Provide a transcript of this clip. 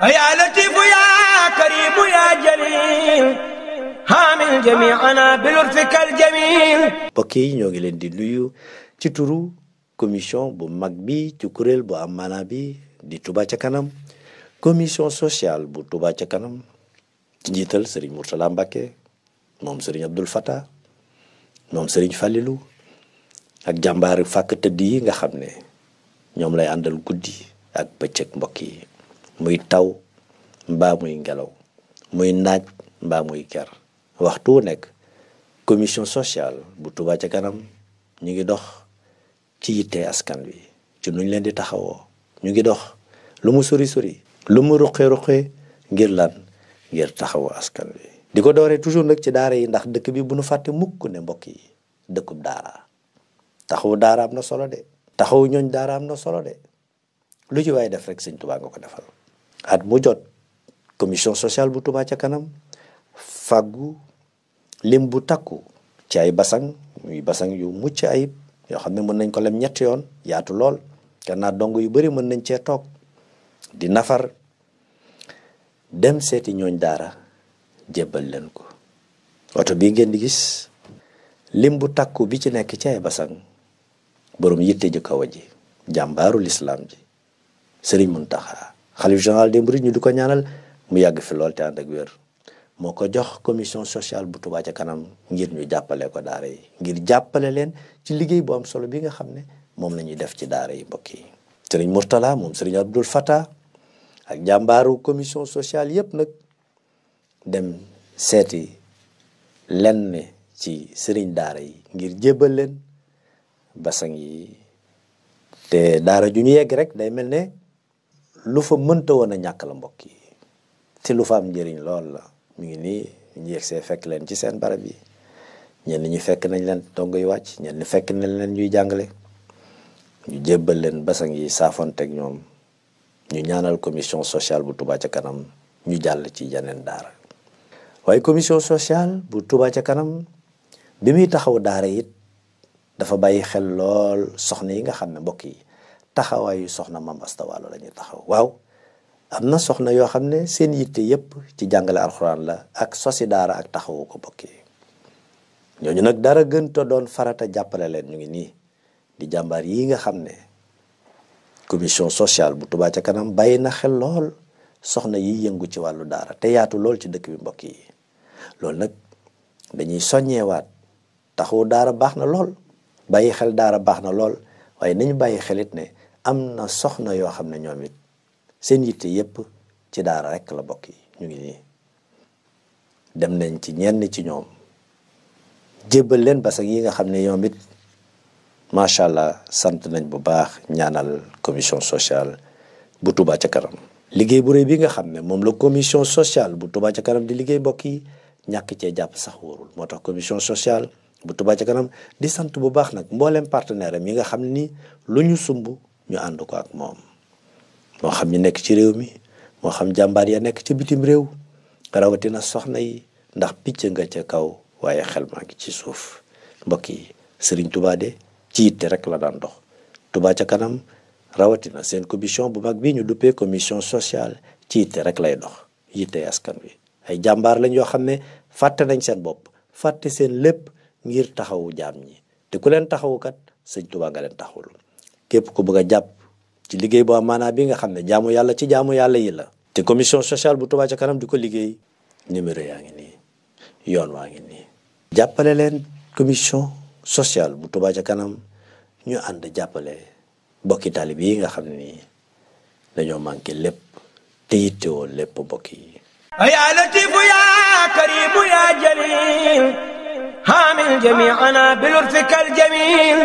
yaa latiifu yaa kariimu yaa jaliil haamil jamii'anaa bi lutfikal jamiil mbokk yi ñoo ngi leen di nuyu ci turu commission bu mag bi ci kuréel bu am maanaa bi di Touba ca kanam commission sociale bu Touba kanam ci njiital Serigne Mourtala Mbacke moom Serigne Abdoul Fattah moom sëriñ Fallilou ak jàmbaari fàkk tëdd yi nga xam ne ñoom lay àndal guddi ak bëccëg mbokk yi. muy taw ba muy ngelaw muy naaj mbaa muy ker waxtu wu nekk commission sociale bu Touba ci kanam ñu ngi dox ci yitte askan wi ci nuñ leen di taxawoo ñu ngi dox lu mu sori sori lu mu ruqe ruqe ngir lan ngir taxawoo askan wi. di ko doore toujours nag ci daara yi ndax dëkk bi bu nu fàtte mukk ne mbokk yi dëkkub daara taxaw daara am na solo de taxaw ñooñ daara am na solo de. lu ci waaye def rek sëñ tubaa nga ko defal at mu jot commission sociale bu Touba ca kanam fàggu lim bu takku ci ay basang muy basang yu mucc ayib yoo xam ne mën nañ ko lem ñetti yoon yaatu lool gannaaw dong yu bari mën nañ cee toog di nafar dem seeti ñooñ daara jébbal leen ko oto bii ngeen di gis lim bu takku bi ci nekk ci ay basang borom yitte ju kaw ji jàmbaaru lislaam ji Serigne Mountakha xalif général des mourides ñu di ko ñaanal mu yàgg fi lool te ànd ak moo ko jox commission sociale bu Touba ca kanam ngir ñu jàppale ko daara yi ngir jàppale leen ci liggéey bu am solo bi nga xam ne moom la ñuy def ci daara yi mbokk yi. Serigne Mourtala moom Serigne Abdoul Fattah ak jàmbaaru commission sociale yëpp nag dem seeti lenn ci Serigne daara yi ngir jébal leen basang yi te daara ju ñu yegg rek day mel ne. lu fa mënta woon a ñàkk la mbokk yi te lu fa am njëriñ lool la mu ngi nii ñu yegsee fekk leen ci seen barab yi ñenn ñi fekk nañ leen dong yu wàcc ñenn ñi fekk nañ leen ñuy jàngale ñu jébbal leen basang yi teg ñoom ñu ñaanal commission sociale bu Touba ca kanam ñu jàll ci yeneen daara waaye commission sociale bu Touba ca kanam bi muy taxaw daara it dafa bàyyi xel lool soxna yi nga xam ne mbokk yi taxawaayu soxna maam Asta Waalo la taxaw waaw am na soxna yoo xam ne seen yitte yépp ci jàngale alxuraan la ak sosi daara ak taxawu ko bokk yi ñooñu nag dara gën te doon farata jàppale leen ñu ngi nii di jàmbaar yi nga xam ne commission sociale bu Touba ca kanam bàyyi na xel lool soxna yi yëngu ci wàllu daara te yaatu lool ci dëkk bi mbokk yi loolu nag dañuy soññeewaat taxawu daara baax na lool bàyyi xel daara baax na lool waaye nañu bàyyi xelit ne am na soxna yoo xam ne ñoom it seen yitte yépp ci daara rek la bokk yi ñu ngi nii dem nañ ci ñenn ci ñoom jébbal leen basak yi nga xam ne ñoom it macha allah sant nañ bu baax ñaanal commission sociale bu Touba ca kanam liggéey bu réy bi nga xam ne moom la commission sociale bu Touba ca kanam di liggéey bokk yi ñàkk cee jàpp sax wóorul moo tax commission sociale bu Touba ca kanam di sant bu baax nag mbooleem partenaire yi nga xam ni nii lu ñu sumb ñu ànd ko ak moom moo xam ñu nekk ci réew mi moo xam jàmbaar ya nekk ci bitim réew rawatina soxna yi ndax picc nga ca kaw waaye xel maa ci suuf mbokk yi sëriñ Tuubaa de ci yitte rek la daan dox Tuubaa ca kanam rawatina seen commission bu mag bii ñu duppee commission sociale ci yitte rek lay dox yitte askan wi ay jàmbaar lañ yoo xam ne fàtte nañ seen bopp fàtte seen lépp ngir taxawu jaam ñi te ku leen taxawu kat sëñ Tuubaa nga leen taxawul képp ku bëgg a jàpp ci liggéey boo maanaa bi nga xam ne jaamu yàlla ci jaamu yàlla yi la te commission sociale bu Touba ca kanam di ko liggéey numéro yaa ngi nii yoon waa nii jàppale leen commission sociale bu Touba ca kanam ñu ànd jàppale bokki taalib yi nga xam ne nii dañoo manqué lépp te yittewoo lépp bokk yi yaa latifu yaa karimu yaa jalil haamil jamiana bilurfikal jamil